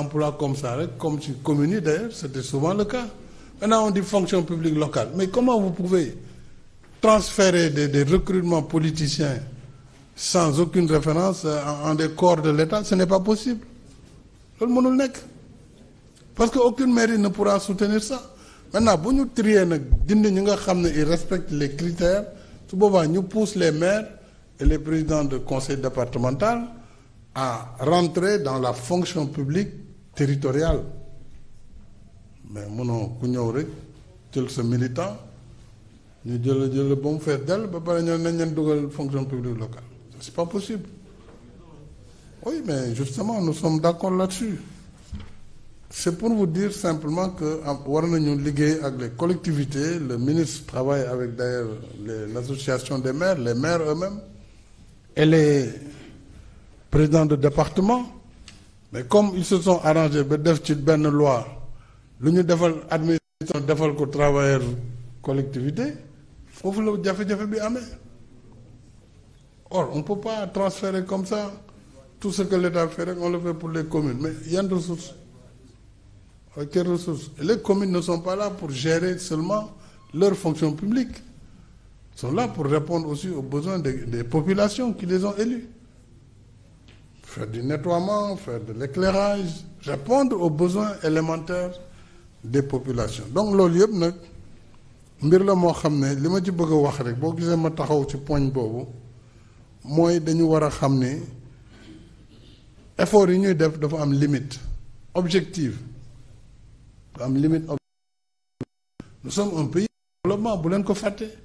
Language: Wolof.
emplois comme ça comme ci communes yi d'ailleurs c'était souvent le cas maintenant on dit fonction publique locale mais comment vous pouvez transférer des des recrutements politiciens sans aucune référence euh, en, en des corps de l'État ce n'est pas possible loolu mënul nekk parce que aucune mairie ne pourra soutenir ça maintenant bu ñu trier nag dindi ñi nga xam ne ils respectent les critères su boobaa ñu pousse les maires et les présidents de conseil départemental à rentrer dans la fonction publique territorial mais mënoo ku ñëw rek jël sa militant ñu jël jël ba mu fees dell ba pare ñoo nañ leen dugal fonction publique locale c'est pas possible oui mais justement nous sommes d'accord là-dessus c'est pour vous dire simplement que war nañu liggéey ak les collectivité le ministre travaille avec d'ailleurs l'association des maires les maires eux-mêmes et les président de département mais comme ils se sont arrangés ba def ci benn loi lu ñu defal administration defal ko travailleur collectivité foofu la jafe-jafe bi amee or on peut pas transférer comme ça tout ce que l'État fait rek on le fait pour les communes mais yan ressources ak quelles ressources les communes ne sont pas là pour gérer seulement leur fonction publique sont la pour répondre aussi aux besoins des, des populations qui les ont élus faire du nettoiement, faire de l'éclairage, répondre au besoins élémentaire des population donc loolu yëpp nag mbir la moo xam ne li ma ci bëgg a wax rek boo gisee ma taxaw ci poñ boobu mooy dañu war a xam ne effort yi ñuy def dafa am limite objective dafa am limite. nous sommes un pays développement bu leen ko fàtte.